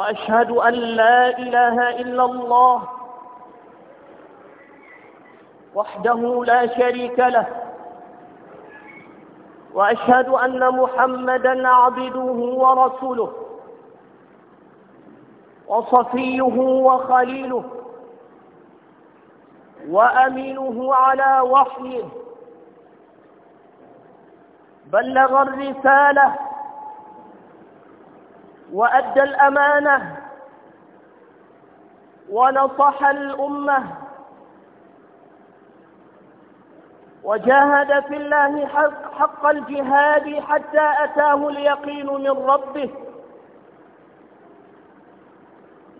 وأشهد أن لا إله إلا الله وحده لا شريك له وأشهد أن محمدا عبده ورسوله وصفيه وخليله وأمينه على وحيه بلغ الرسالة وأدى الأمانة ونصح الأمة وجاهد في الله حق, حق الجهاد حتى أتاه اليقين من ربه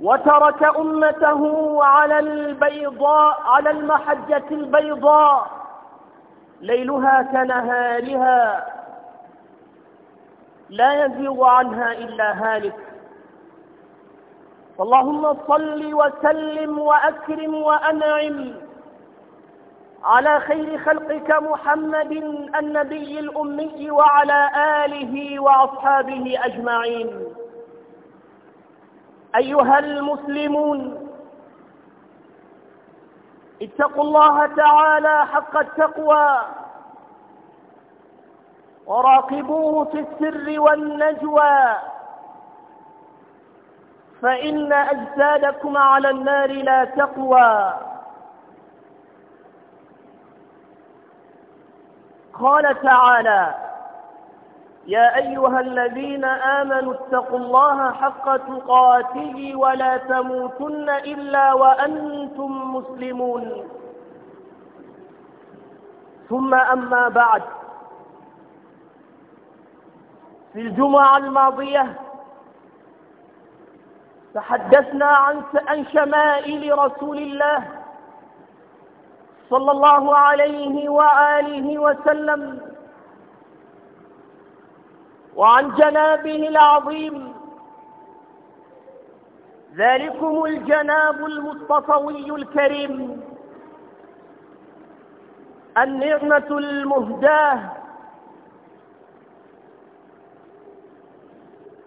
وترك أمته على البيضاء على المحجة البيضاء ليلها كنهارها لا يزيغ عنها إلا هالك اللهم صل وسلم وأكرم وأنعم على خير خلقك محمد النبي الأمي وعلى آله وأصحابه أجمعين أيها المسلمون اتقوا الله تعالى حق التقوى وراقبوه في السر والنجوى فإن أجسادكم على النار لا تقوى قال تعالى يا أيها الذين آمنوا اتقوا الله حق تقاته ولا تموتن إلا وأنتم مسلمون ثم أما بعد في الجمعة الماضية تحدثنا عن عن شمائل رسول الله صلى الله عليه وآله وسلم وعن جنابه العظيم ذلكم الجناب المصطفوي الكريم النعمة المهداه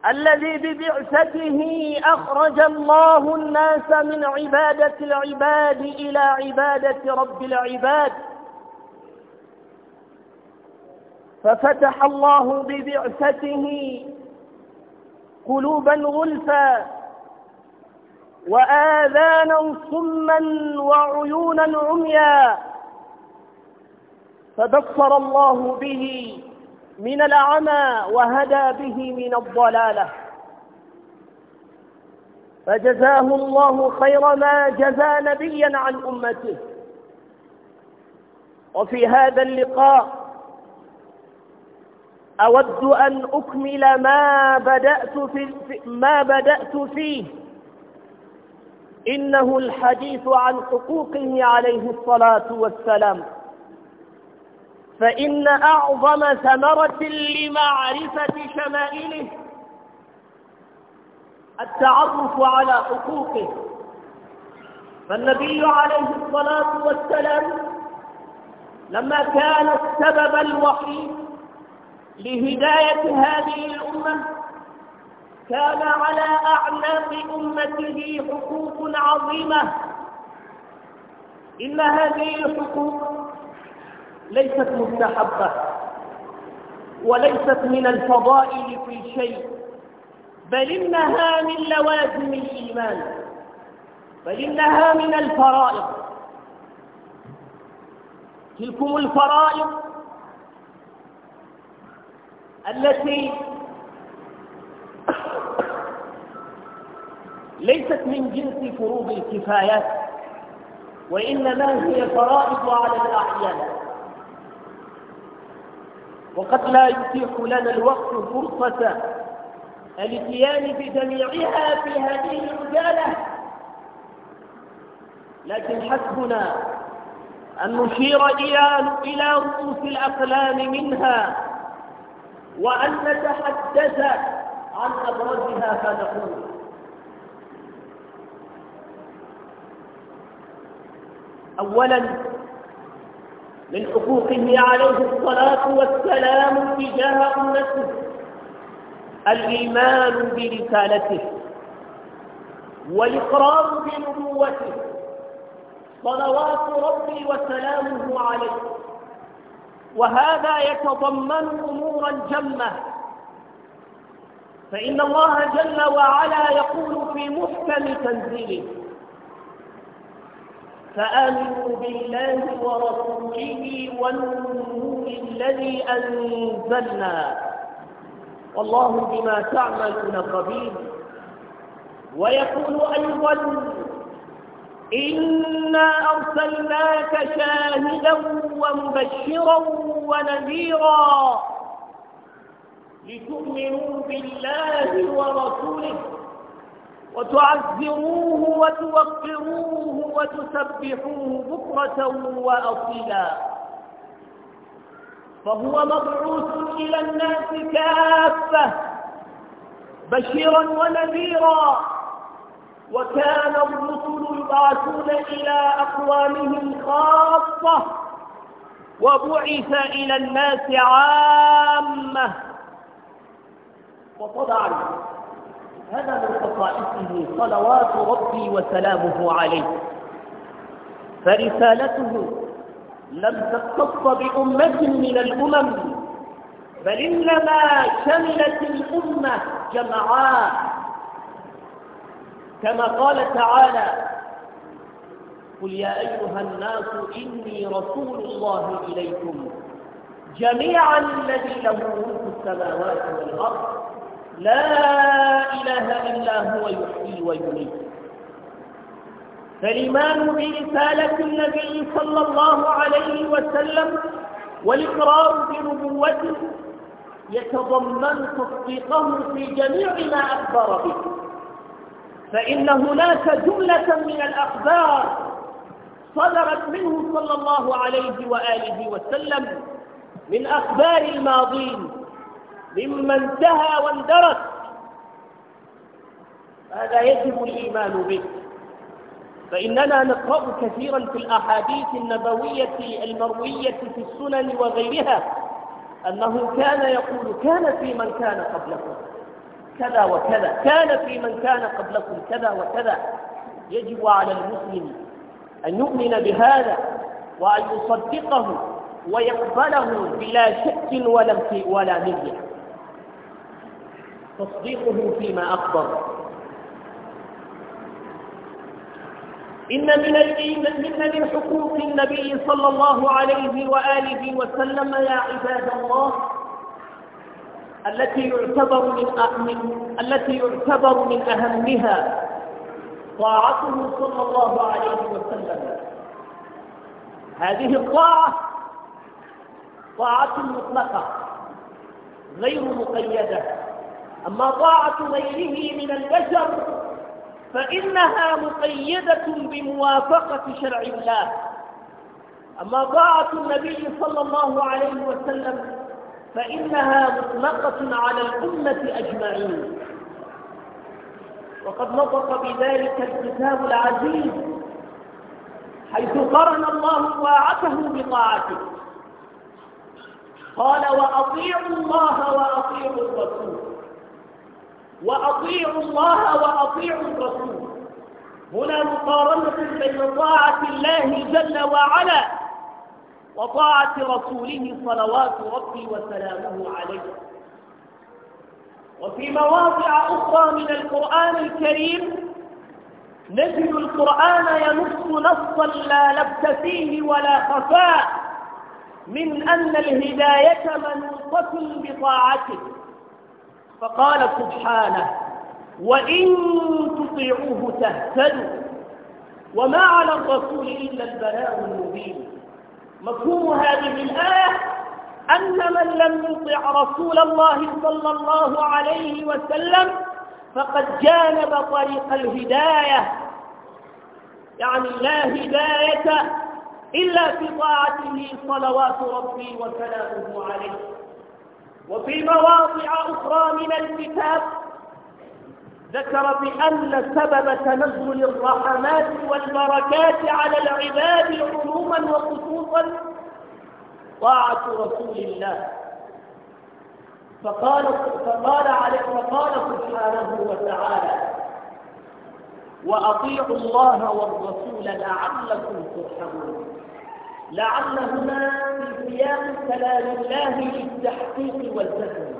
الذي ببعثته أخرج الله الناس من عبادة العباد إلى عبادة رب العباد ففتح الله ببعثته قلوبا غلفا وآذانا صما وعيونا عميا فبصر الله به من الأعمى وهدى به من الضلالة فجزاه الله خير ما جزى نبيا عن أمته وفي هذا اللقاء أود أن أكمل ما بدأت, في ما بدأت فيه إنه الحديث عن حقوقه عليه الصلاة والسلام فإن أعظم ثمرة لمعرفة شمائله التعرف على حقوقه فالنبي عليه الصلاة والسلام لما كان السبب الوحيد لهداية هذه الأمة كان على أعناق أمته حقوق عظيمة إن هذه الحقوق ليست مستحبة وليست من الفضائل في شيء بل إنها من لوازم الإيمان بل إنها من الفرائض تلكم الفرائض التي ليست من جنس فروض الكفايات وإنما هي فرائض على الأحيان وقد لا يتيح لنا الوقت فرصة الاتيان بجميعها في هذه العجالة لكن حسبنا أن نشير إلى رؤوس الأقلام منها وأن نتحدث عن أبرزها فنقول أولا من حقوقه عليه الصلاة والسلام تجاه أمته الإيمان برسالته والإقرار بنبوته صلوات ربي وسلامه عليه وهذا يتضمن أمورا جمة فإن الله جل وعلا يقول في محكم تنزيله فآمنوا بالله ورسوله والنور الذي أنزلنا والله بما تعملون خبير ويقول أيضا إنا أرسلناك شاهدا ومبشرا ونذيرا لتؤمنوا بالله ورسوله وتعزروه وتوقروه وتسبحوه بكرة وأصيلا فهو مبعوث إلى الناس كافة بشيرا ونذيرا وكان الرسل يبعثون إلى أقوامهم خاصة وبعث إلى الناس عامة وصدع عنه هذا من خصائصه صلوات ربي وسلامه عليه فرسالته لم تختص بأمة من الأمم بل إنما شملت الأمة جمعاء كما قال تعالى قل يا أيها الناس إني رسول الله إليكم جميعا الذي له ملك السماوات والأرض لا إله إلا هو يحيي ويميت فالإيمان برسالة النبي صلى الله عليه وسلم والإقرار بنبوته يتضمن تصديقه في جميع ما أخبر به فإن هناك جملة من الأخبار صدرت منه صلى الله عليه وآله وسلم من أخبار الماضين مما انتهى واندرس هذا يجب الإيمان به فإننا نقرأ كثيرا في الأحاديث النبوية المروية في السنن وغيرها أنه كان يقول كان في من كان قبلكم كذا وكذا كان في من كان قبلكم كذا وكذا يجب على المسلم أن يؤمن بهذا وأن يصدقه ويقبله بلا شك ولا ولا تصديقه فيما أخبر إن من من من حقوق النبي صلى الله عليه وآله وسلم يا عباد الله التي يعتبر من, من التي يعتبر من أهمها طاعته صلى الله عليه وسلم هذه الطاعة طاعة مطلقة غير مقيدة أما طاعة غيره من البشر فإنها مقيدة بموافقة شرع الله أما طاعة النبي صلى الله عليه وسلم فإنها مطلقة على الأمة أجمعين وقد نطق بذلك الكتاب العزيز حيث قرن الله طاعته بطاعته قال وأطيعوا الله وأطيعوا الرسول وأطيعوا الله وأطيعوا الرسول هنا مقارنة بين طاعة الله جل وعلا وطاعة رسوله صلوات ربي وسلامه عليه وفي مواضع أخرى من القرآن الكريم نجد القرآن ينص نصا لا لبس فيه ولا خفاء من أن الهداية منوطة بطاعته فقال سبحانه وإن تطيعوه تهتدوا وما على الرسول إلا البلاء المبين مفهوم هذه الآية أن من لم يطع رسول الله صلى الله عليه وسلم فقد جانب طريق الهداية يعني لا هداية إلا في طاعته صلوات ربي وسلامه عليه وفي مواضع أخرى من الكتاب ذكر بأن سبب تنزل الرحمات والبركات على العباد عموما وخصوصا طاعة رسول الله فقال فقال عليه فقال سبحانه وتعالى وأطيعوا الله والرسول لعلكم ترحمون لعلهما في سياق كلام الله للتحقيق والفهم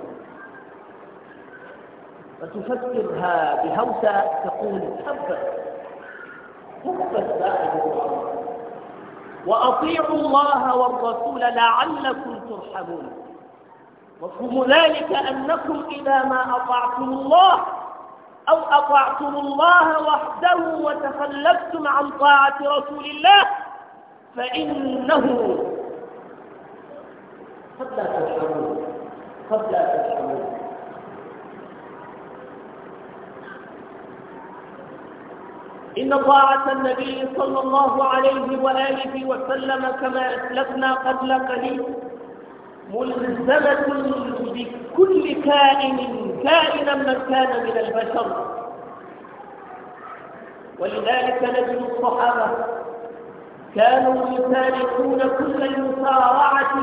فتفكرها بهوسة تقول حبت حبت الله وأطيعوا الله والرسول لعلكم ترحمون مفهوم ذلك أنكم إذا ما أطعتم الله أو أطعتم الله وحده وتخلفتم عن طاعة رسول الله فإنه قد لا تشعرون قد لا تشعرون إن طاعة النبي صلى الله عليه وآله وسلم كما أسلفنا قبل قليل ملزمة بكل كائن كائنا ما كان من البشر ولذلك نجد الصحابة كانوا يسارعون كل المسارعة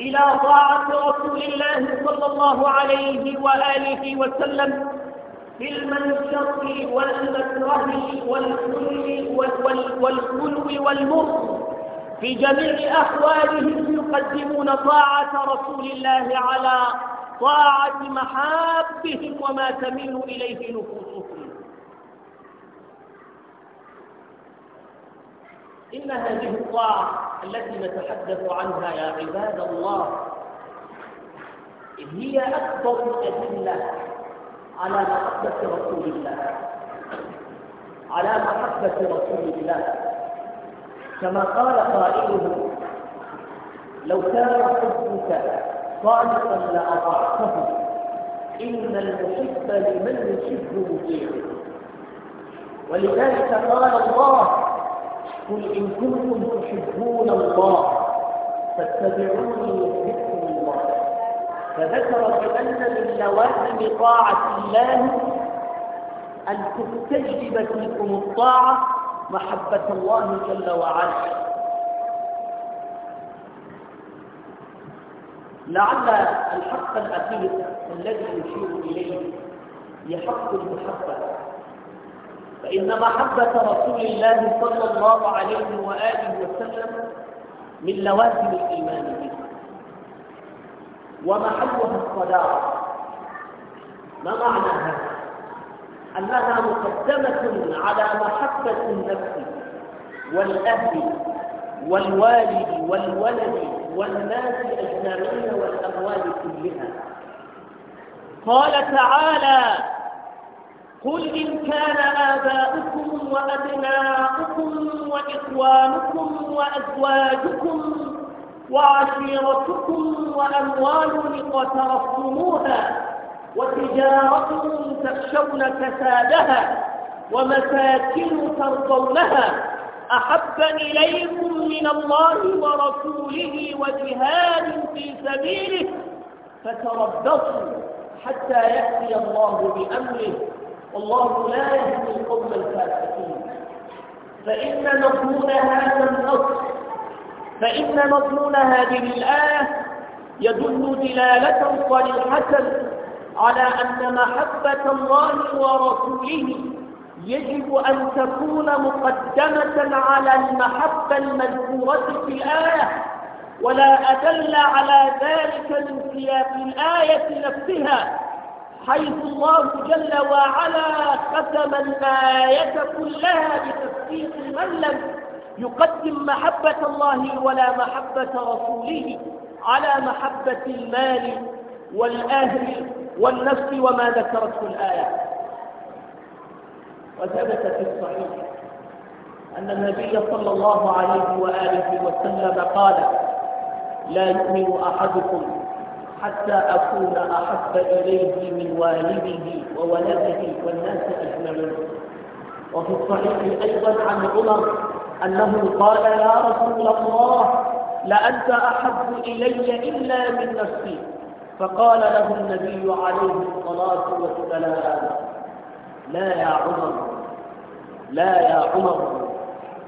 إلى طاعة رسول الله صلى الله عليه وآله وسلم في المنشط والمكره والكل والخلو والمر في جميع أحوالهم يقدمون طاعة رسول الله على طاعة محابهم وما تميل إليه نفوسهم إن هذه الطاعة التي نتحدث عنها يا عباد الله هي أكبر الأدلة على محبة رسول الله على محبة رسول الله كما قال قائله لو كان حبك صادقا لأطعته إن المحب لمن يحب مطيع ولذلك قال الله قل إن كنتم تحبون الله فاتبعوني يحبكم الله فذكر بأن من لوازم طاعة الله أن تستجلب فيكم الطاعة محبة الله جل وعلا لعل الحق الأخير الذي يشير إليه يحق المحبة فإن محبة رسول الله صلى الله عليه وآله وسلم من لوازم الإيمان به ومحلها الصداقة ما معنى هذا؟ أنها مقدمة على محبة النفس والأهل والوالد والولد والناس أجمعين والأموال كلها قال تعالى قل إن كان آباؤكم وأبناؤكم وإخوانكم وأزواجكم وعشيرتكم وأموال اقترفتموها وتجارة تخشون كسادها ومساكن ترضونها أحب إليكم من الله ورسوله وجهاد في سبيله فتربصوا حتى يأتي الله بأمره الله لا يهدي القوم الفاسقين فإن مضمون هذا النص فإن مضمون هذه الآية يدل دلالة صريحة على أن محبة الله ورسوله يجب أن تكون مقدمة على المحبة المذكورة في الآية ولا أدل على ذلك من سياق الآية نفسها حيث الله جل وعلا ختم الآية كلها بتصديق من لم يقدم محبة الله ولا محبة رسوله على محبة المال والأهل والنفس وما ذكرته الآية وثبت في الصحيح أن النبي صلى الله عليه وآله وسلم قال لا يؤمن أحدكم حتى أكون أحب إليه من والده وولده والناس أجمعين وفي الصحيح أيضا عن عمر أنه قال يا رسول الله لأنت أحب إلي إلا من نفسي فقال له النبي عليه الصلاة والسلام لا يا عمر لا يا عمر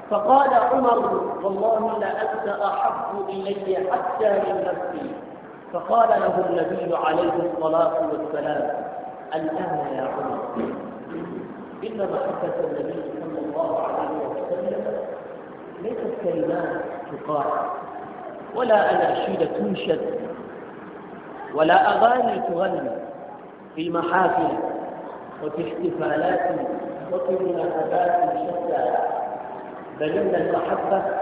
فقال عمر والله لأنت أحب إلي حتى من نفسي فقال له النبي عليه الصلاة والسلام الآن يا عمر إن محبة النبي صلى الله عليه وسلم ليست كلمات تقال ولا أناشيد تنشد ولا أغاني تغني في محافل وفي احتفالات وفي مناسبات شتى بل إن المحبة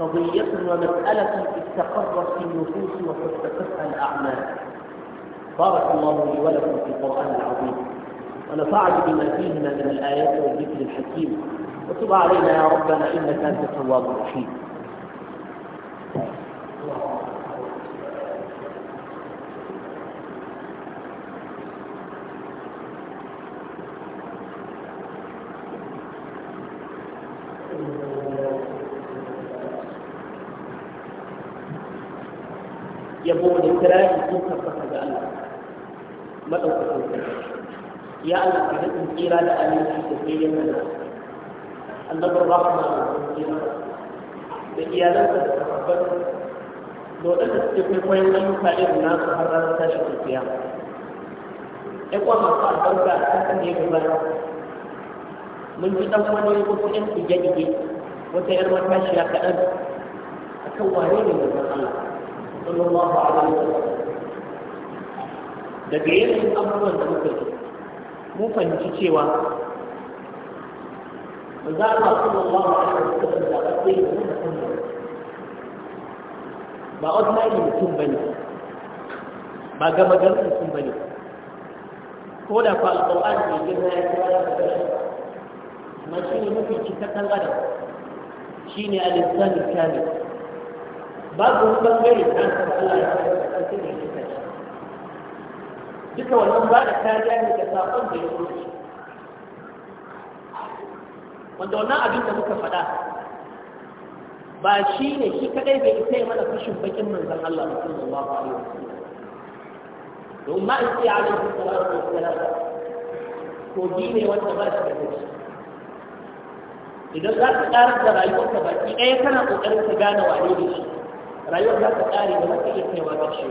قضية ومسألة استقرت في النفوس وتستقرها الأعمال بارك الله لي ولكم في القرآن العظيم ونفعني بما فيهما من الآيات والذكر الحكيم وتب علينا يا ربنا إنك أنت التواب الرحيم da waɗanda suke kwaikwayon ayyuka irin nasu har ranar tashi tafiya ya kuwa masu albarka a kan ne gaba mun ji ɗan wani wasu ƴan ɗige-ɗige wata ƴar matashiya kaɗan a kan wane ne manzon Allah sallallahu alaihi wa sallam daga yanayin abubuwan da muka ji mun fahimci cewa manzon Allah sallallahu alaihi wa sallam da ake yi da mutum ba ordinary mutum ba ne ba gama garin mutum ba ne ko da fa alƙawar da ya gina ya kira ya fita shi amma shi ne mafi cikakken adam shi ne alisanin kamil babu wani bangare da an san Allah ya fara da ne ya kashi duka wannan ba da kariya ne ga sabon da ya wuce wanda wannan abin da muka faɗa ba shi ne shi kadai bai isa mana fashin bakin manzon Allah sallallahu alaihi wasallam don ma in sai alaihi salatu wassalam ko ne wanda ba shi da kashi idan za ka ƙara da rayuwar ka baki ɗaya kana ƙoƙarin ka gane wane da shi rayuwar za ka ƙare da za ka iya kaiwa ƙarshe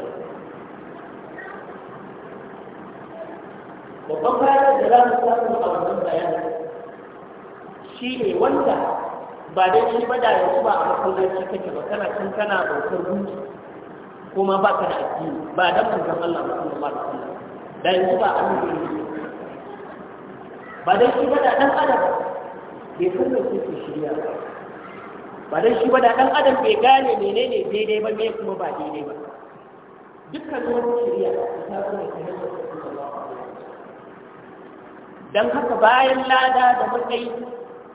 babban bayanin da za mu samu a wannan bayanin shi ne wanda ba dai shi ba da yanzu ba a masallaci kake ba kana cin kana bautar gunki kuma ba ka da addini ba dan manzon Allah sallallahu alaihi wasallam da yanzu ba an yi ba dai shi ba da dan adam bai san me yake shirya ba ba dai shi ba da dan adam bai gane menene daidai ba me kuma ba daidai ba dukkan wani shirya ta zo da hanyar dan haka bayan lada da matsayi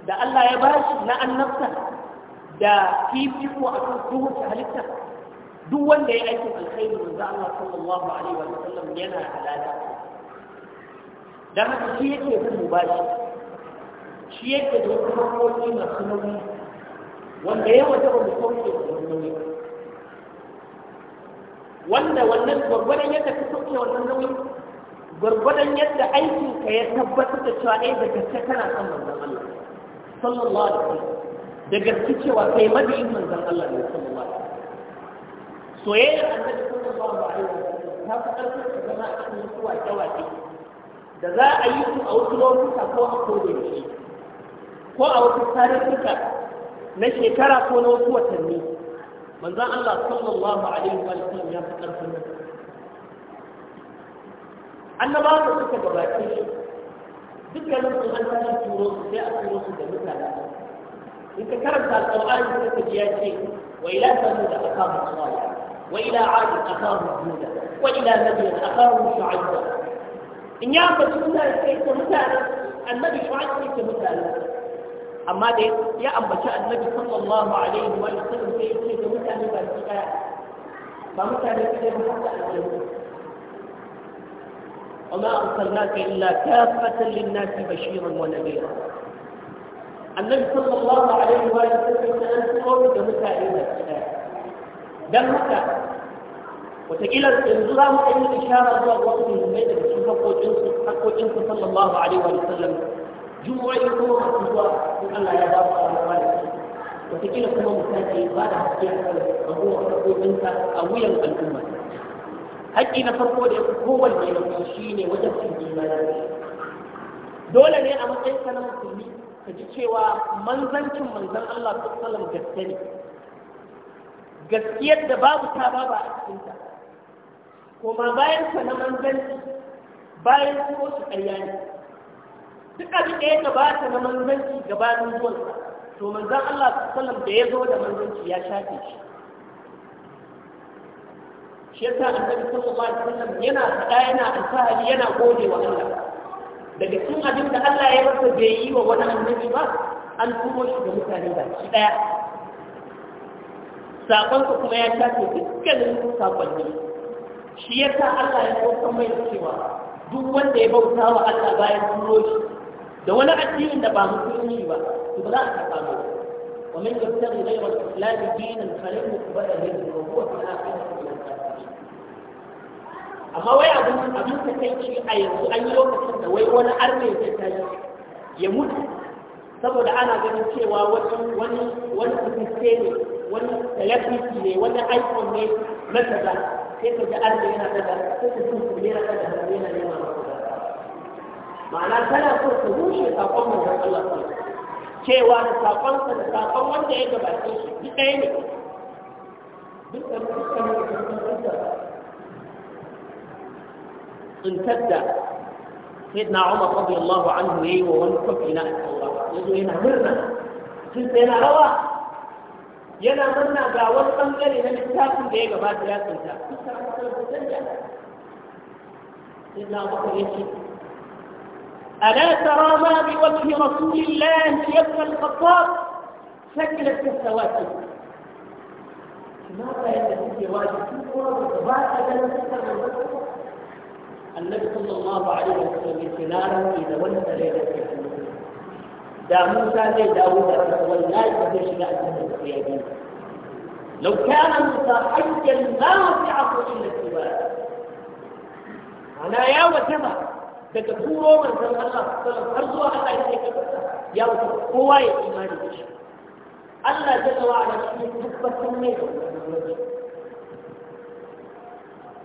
da Allah ya bashi na annabta da fifiko a kan kowace halitta duk wanda ya aikin alkhairi manzo Allah sallallahu alaihi wa sallam yana halala dan haka shi yake bin mubashi shi yake da wasu hankoki masu nauyi wanda ya wata wani sauke da wani nauyi wanda wannan gwargwadon yadda ka sauke wannan nauyi gwargwadon yadda aikinka ya tabbatar da cewa ɗaya eh, da gaske kana son manzon Allah sallallahu alaihi wasallam da gaske cewa kai madayin manzon Allah ne sallallahu alaihi wasallam soyayya annabi sallallahu alaihi wasallam ta fi da ta zama a cikin wasu wake da za a yi su a wasu lokuta ko a shi, ko a wasu tarihika na shekara ko na wasu watanni manzon Allah sallallahu alaihi wasallam ya fi karfin annabawa suka gabace shi dukkanin su an tashi turo su sai a turo su da mutane in ka karanta alƙur'ani sai ka ji ya ce wa ila samud akahu salih wa ila ad akahu huda wa ila madyan akahu shu'aib in ya ambaci mutane sai ta mutane annabi shu'aib sai ta mutane amma da ya ambaci annabi sallallahu alaihi wa sallam sai ya ce ta mutane ba su ɗaya ba mutane sai ba haka aljanna وما أرسلناك إلا كافة للناس بشيرا ونذيرا النبي صلى الله عليه وآله وسلم أن تقول دمتا إلى دمتا وتقيل الإنظام أن الإشارة هو وقت الميت بشير حقه إنس صلى الله عليه وآله وسلم جمعة يكون حقه إن الله يضاف على الوالد وتقيل كما مساجي بعد حقيقة أبوه حقه إنس أويا الأمة haƙƙi na farko da ya fi kowanne da kuma shi ne wajen fili manzanci dole ne a matsayin ka na musulmi ka ji cewa manzancin manzan Allah salam gaske ne gaskiyar da babu ta ba a cikinta kuma bayan sa na manzanci bayan ko su karya ne duk abin da ya gabata na manzanci gabanin zuwansa to manzan Allah salam da ya zo da manzanci ya shafe shi yasa annabi sallallahu alaihi wasallam yana fada yana alfahari yana gode wa Allah daga cikin abin da Allah ya masa bai yi wa wani annabi ba an turo shi ga mutane ba shi daya sakonsa kuma ya tafi dukkanin sakonni shi yasa Allah ya kokon mai cewa duk wanda ya bauta wa Allah bayan turo shi da wani addinin da ba musulmi ba to ba za a karɓa ba ومن يبتغي غير الاسلام دينا فلن يقبل منه وهو في الاخره من الكافرين amma wai abin abin ta kai shi a yanzu an yi lokacin da wai wani arme ya ta yi ya mutu saboda ana ganin cewa wani wani wani kusurce ne wani celebrity ne wani icon ne na kaza sai ka ji arme yana kaza sai ka ji ne yana kaza yana nema ma'ana tana so ta rushe sakon manzon Allah sallallahu alaihi cewa da sakonsa da sakon wanda ya gabace shi duk ɗaya ne duk da dukkan da tsintar سيدنا عمر رضي الله عنه يي وون كفينا الله يزو هنا مرنا سيدنا روا yana murna ga wani bangare na littafin da ya gabata ya tsinta. Sai na bakar yake ألا ترى ما بوجه رسول الله يا ابن الخطاب شكلت كالسواتف ماذا يتكلم واجب النبي صلى الله عليه وسلم يقول إذا ولد ليلة دا موسى زي داوود لا يقدر يشبع الجنة لو كان موسى حيا ما وسعه إلا السباع أنا يا وتبع daga turo manzon Allah sallallahu har zuwa Allah ya kai ya wuce kowa ya imani da shi Allah jalla wa ala shi tabbatar mai da wannan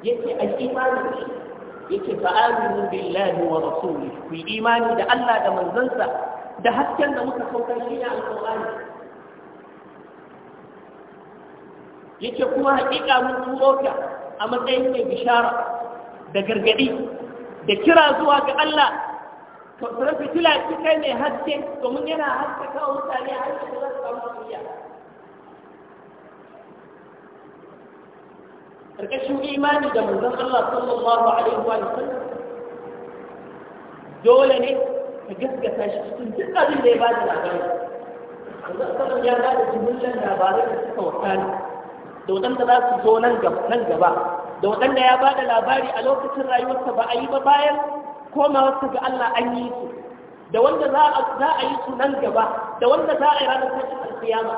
yake a imani da shi yake fa aminu billahi wa rasuli ku imani da Allah da manzansa da hasken da muka saukar shi ne alqur'ani yake kuma hakika mun turo ka a matsayin mai bishara da gargadi da kira zuwa ga Allah ka sai fitila ki kai mai haske domin yana haskaka kawo mutane har da za su samu duniya karkashin imani da manzon Allah sallallahu alaihi wa sallam dole ne ka gaskata shi cikin duk abin da ya ba da labari manzon sallallahu ya ba da jimillar labarai da suka wakana da wadanda za su zo nan gaba da waɗanda ya ba da labari a lokacin rayuwarsa ba a yi ba bayan komawarsa ga Allah an yi su da wanda za a yi su nan gaba da wanda za a yi ranar tashin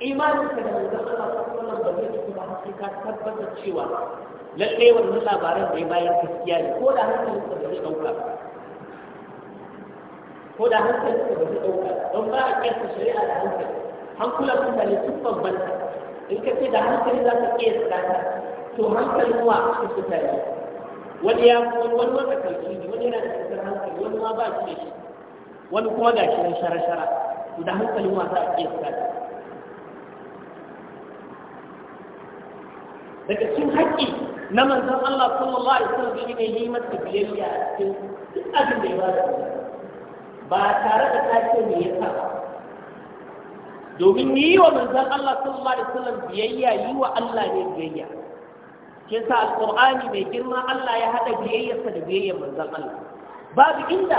imanin ka da manzon Allah sallallahu alaihi wasallam ba zai ba sai ka tabbatar cewa lalle wannan labaran da bayar gaskiya ne ko da hankalinka ba zai ɗauka ko da hankalinka ba zai ɗauka don ba a kyanta shari'a da hankali hankulan mutane sun bambanta in ka ce da hankali za ka ƙiyasta to hankalin wa su suka yi wani ya wani wata kalki ne wani yana da cutar hankali wani ma ba shi da shi wani kuma ga shi nan shara-shara to da hankalin wa za a iya suka daga cikin haƙƙi na manzon Allah sallallahu alaihi wasallam shi ne yi masa biyayya a cikin duk abin da ya ba da ba tare da ta ce me yasa ba domin yi wa manzon Allah sallallahu alaihi wasallam biyayya yi wa Allah ne biyayya ke sa alƙur'ani mai girma Allah ya haɗa biyayyarsa da biyayyar manzon Allah babu inda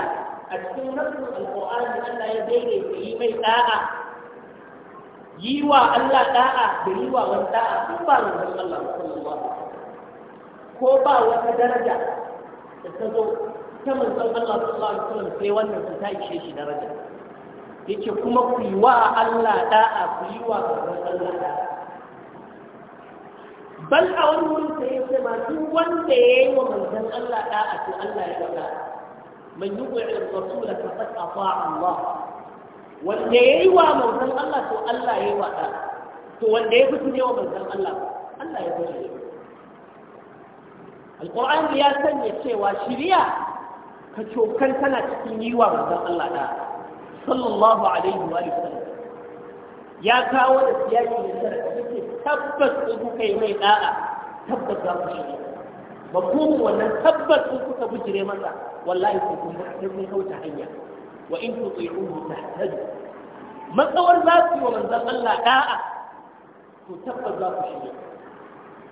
a cikin nasu alƙur'ani Allah ya daidaita yi mai ɗa'a yi wa Allah ɗa'a da yi wa wani ɗa'a sun ba manzon Allah sallallahu ko ba wata daraja da ta zo ta manzon Allah sallallahu alaihi wasallam sai wannan ta ishe shi daraja yake kuma ku yi wa Allah da'a ku yi wa gaban Allah da'a bal a wani wurin sai ya ce ma duk wanda ya yi wa manzon Allah a to Allah ya da'a man yuqi ar-rasul faqad ata'a Allah wanda ya yi wa manzon Allah to Allah ya yi wa da'a to wanda ya fito ne wa manzon Allah Allah ya fito Al-Qur'an ya sanya cewa shiriya ka cokan tana cikin yi wa manzon Allah da'a sallallahu alaihi wa sallam ya kawo da siyaki ne da yake tabbas in kuka yi mai da'a tabbas za ku shirya mafhumin wannan tabbas in kuka bijire masa wallahi sai kun sai kun kauta hanya wa in ta tahtadu matsawar za ku yi wa manzon Allah da'a to tabbas za ku shirya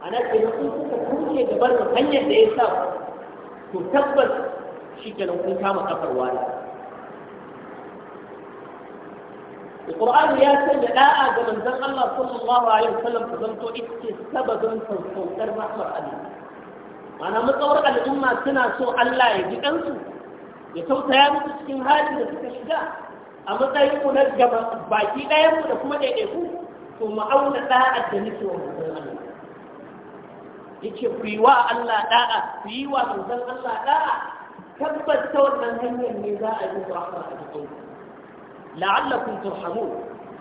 ana kenan in kuka kuke da barin hanyar da ya sa to tabbas shi kenan kun kama kafar wani القرآن يا سيد لا أعجب من ذن الله صلى الله عليه وسلم فظنت إكتس سبب فوق الرحمة عليه أنا متصور أن الأمة سنة سوء الله يجي أنسو يتوت يا مسكين هذه التشجاع أما تيمو نجم باكي لا يمو لكم أن يكون ثم أولى لها الدنيس ومزن الله yake ku yi wa Allah da'a ku yi wa manzon Allah da'a tabbas ta wannan hanyar ne za a yi rahama a cikin la'allakum turhamun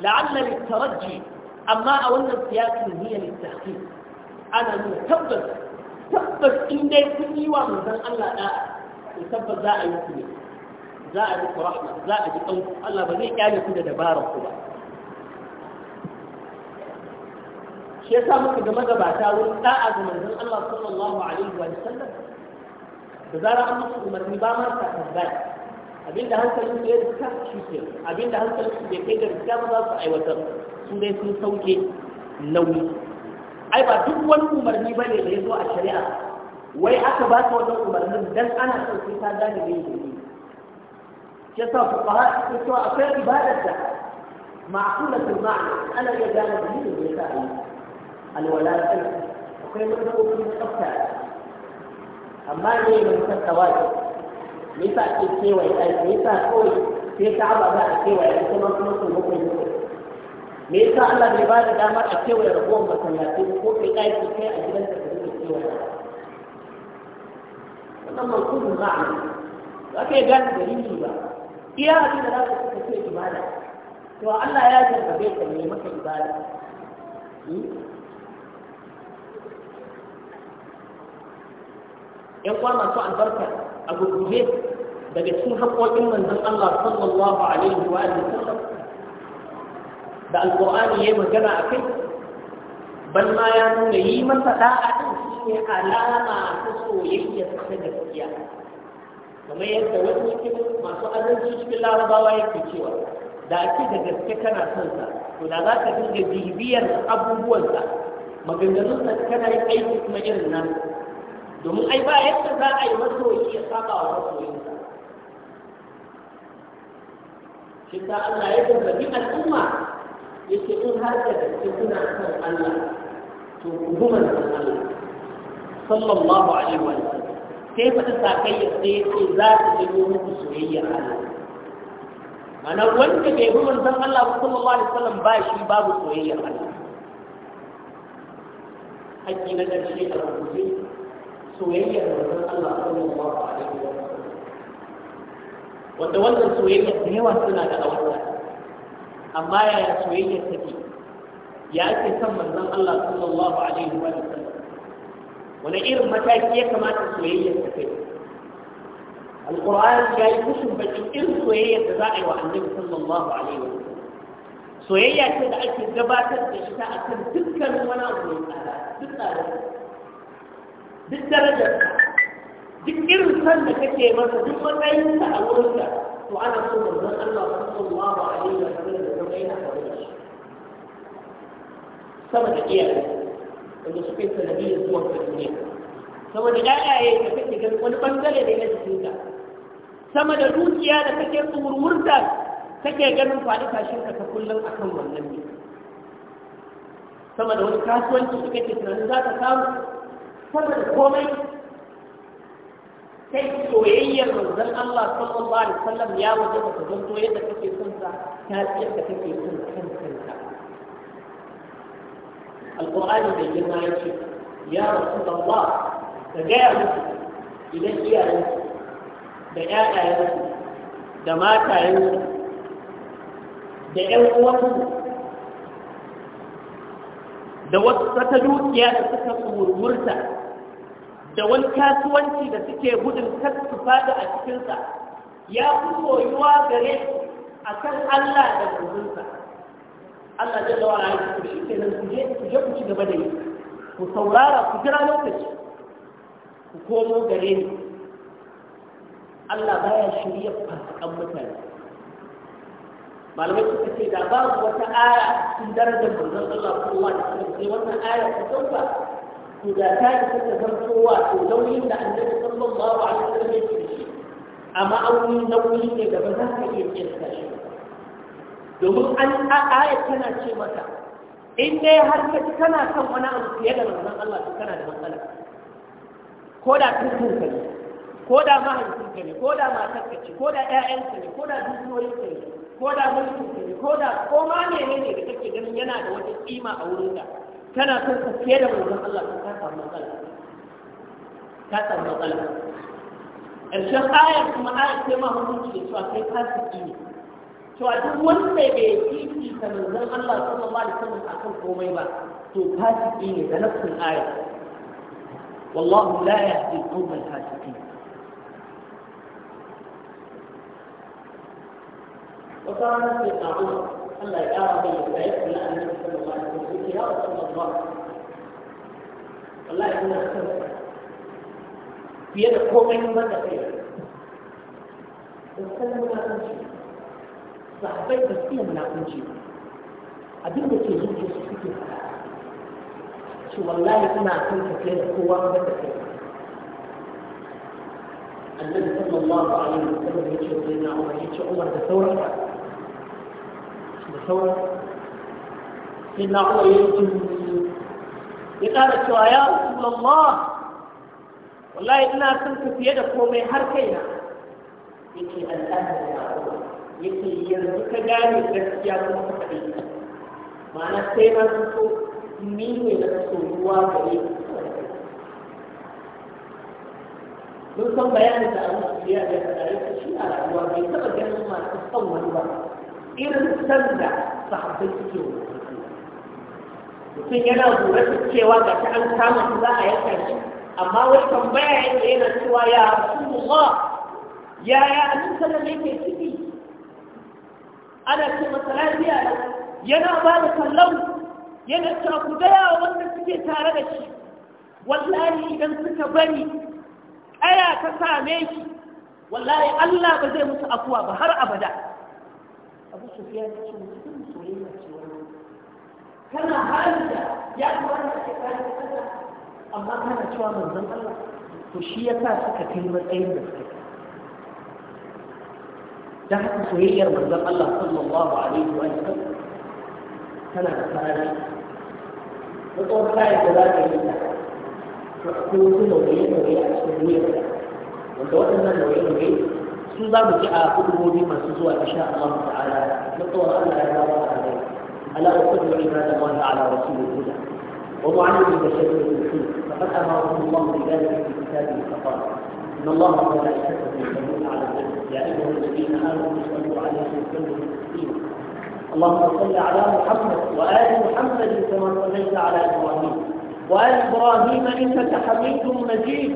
la'alla litarajji amma a wannan siyasin hiya litahqiq ana nuna tabbas tabbas in dai kun yi wa manzon Allah da'a to tabbas za a yi ku ne za a yi ku rahma za a yi kanku Allah ba zai kyale ku da dabarar ku ba shi yasa muka ga magabata wurin da'a ga manzon Allah sallallahu alaihi wa sallam da zara an musu umarni ba ma ta tambaya abinda hankalin su ya riska shi ke abinda hankalin su bai kai ga riska ba za su aiwatar su ne sun sauke nauyi ai ba duk wani umarni ba ne da ya zo a shari'a wai aka ba ka wannan umarnin dan ana son sai ta gane da yake ya sa fuqaha suka akwai ibadar da ma'qulatul ma'ana ana iya gane da yi da yasa ai alwala akwai wani tsafta amma ne mun tsafta me yasa ake kewaye ɗaki me yasa kawai sai ka'aba za a kewaye ita ma kuma sun hukun hukun me yasa Allah bai ba da damar a kewaye ragowar masallaci ko kai ɗaki kai a gidan ka ka rike kewaye wannan mankubin ma'ana ba ka yi gane dalili ba iya abin da za ka suka ce ibada to Allah ya jarrabe ka ne maka ibada yan kwan masu albarka a gurguje daga cikin haƙoƙin manzon Allah sallallahu alaihi wa sallam da alƙur'ani ya magana a kai ban ma ya nuna yi masa da'a ɗin shi ne alama ta soyayya ta gaskiya kamar yadda wasu cikin masu azanci cikin larabawa yake cewa da ake da gaske kana son sa to da za ka dinga bibiyar abubuwansa maganganunsa kana yin aiki kuma irin nan domin ai ba yadda za a yi masoyi ya saba wa masoyinsa shi ta Allah ya gargaɗi al'umma ya ce in har da gaske kuna son Allah to ku guman san Allah sallallahu alaihi wa sallam sai fata ya sai ya ce za ta yi muku soyayya Allah mana wanda bai bi manzon Allah sallallahu alaihi wa sallam ba shi babu soyayya Allah hakki na ƙarshe a rubuce soyayyar manzon Allah sallallahu alaihi wa sallam wanda wannan soyayyar da yawa suna da aure amma yaya soyayyar take ya ake son manzon Allah sallallahu alaihi wa sallam wani irin mataki ya kamata soyayyar ta kai القرآن جاي كشف بجمعين سوية تزاعي وعنه صلى الله عليه وسلم سوية تدعي تجبات الإشتاء تذكر ولا أقول أهلا تذكر duk darajarsa duk irin san da kake masa duk matsayinsa a wurinsa to ana so manzon Allah sallallahu alaihi wa sallam da zama yana tare da shi sama da iyaye wanda suka yi sanadiyyar zuwa ga duniya sama da ƴaƴaye da kake ganin wani bangare ne na jikinka sama da dukiya da kake tsumurmurta kake ganin faɗi tashin ka kullum akan wannan ne sama da wani kasuwanci da kake tunanin za ka samu sama da komai sai soyayyar manzon Allah sallallahu alaihi wasallam ya waje ka zanto yadda kake son sa ta yadda kake son kanka alqur'ani da girma ya ce ya rasulullah ka gaya musu idan iyayensu da ƴaƴayensu da matayensu da ƴan uwansu da wata dukiya da suka murmurta da wani kasuwanci da suke gudun kasu fada a cikinsa ya fi soyuwa gare a kan Allah da kudinsa Allah zai dawa a yi shi ke nan ku je ku ci gaba da yi ku saurara ku jira lokaci ku komo gare ni Allah ba ya shirya fasikan mutane malamai suka ce da babu wata aya cikin darajar manzon Allah sallallahu alaihi wasallam sai wannan aya ta sauka to da ta isa ta zanto wato nauyin da annabi sallallahu alaihi wasallam ya ce shi a ma'auni nauyi ne da za ka iya kirka shi domin an ayat tana ce mata in dai har ka ci kana kan wani abu fiye da manzon Allah to kana da matsala ko da kankan ka ne ko da mahaifin ka ne ko da matar ka ce ko da ƴaƴan ka ne ko da dukiyoyin ka ne ko da mulkin ka ne ko da ko ma ne ne da kake ganin yana da wata kima a wurin ka kana so ku fiye da manzon Allah to ka samu matsala ka samu matsala ƙarshen ayar kuma ayar ce ma hukunci da cewa kai fasiki ne cewa duk wanda bai fifita manzon Allah sallallahu alaihi wasallam akan komai ba to fasiki ne da nafsin ayar والله لا يهدي القوم الفاسقين وكانت في عمر الله يدار بين ذلك ولا أن النبي صلى الله عليه وسلم يا رسول الله والله إن في يد قومي من خير وسلم لا تمشي صحابي بسيهم لا تمشي abin da ke zuke su suke fara shi wallahi ina son ka kai kowa ba da kai annabi sallallahu alaihi wasallam ya ce sai na umar ya ce umar da sauran da sauran sai na umar ya yi ya ƙara cewa ya rasulallah wallahi ina son ka fiye da komai har kaina yake al'adar ya yake yanzu ka gane gaskiya kuma ka kaɗai ma'ana sai na so ni ne na so ruwa gare mun san bayanin da abu ya da ya shi a rayuwa bai taɓa ganin masu son wani ba irin sanda sahabbai suke wa mutum yana lura da cewa ga ta an kama za a yanka shi amma wai tambaya yadda yana cewa ya rasulullah Ya annabi sallallahu alaihi wasallam yake ciki ana ce masa lafiya yana ba da kallon yana cewa ku gaya wa wanda suke tare da shi wallahi idan suka bari ƙaya ta same shi wallahi Allah ba zai musu afuwa ba har abada abu sufyan ya ce mutum soyayya ce wannan kana halin da ya kamata a ce kayan kasa amma kana cewa manzon Allah to shi ya sa suka kai matsayin da suka da haka soyayyar manzon Allah sallallahu alaihi wa sallam tana da tsari da tsawon kayan da za ka yi ta to akwai wasu nauye-nauye a cikin wuyar wanda waɗannan nauye-nauye su za mu ji a kudurobi masu zuwa insha Allah ta'ala na tsawon Allah ya ba wa alai ala uqdu ibada wa ala rasulil huda wa mu'allim bashar al-khulq faqad amarahu Allah bi dhalika fi kitabihi faqala إن الله وملائكته يصلون على النبي يا أيها الذين آمنوا صلوا عليه وسلموا تسليما اللهم صل على محمد وآل محمد كما صليت على إبراهيم وآل إبراهيم إنك حميد مجيد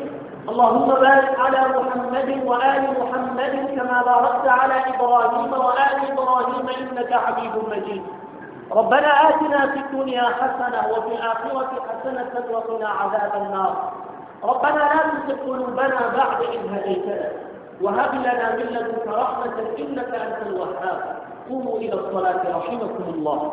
اللهم بارك على محمد وآل محمد كما باركت على إبراهيم وآل إبراهيم إنك حبيب مجيد ربنا آتنا في الدنيا حسنة وفي الآخرة حسنة وقنا عذاب النار ربنا لا تزغ قلوبنا بعد إذ هديتنا وهب لنا من لدنك رحمة إنك أنت الوهاب قوموا إلى الصلاة رحمكم الله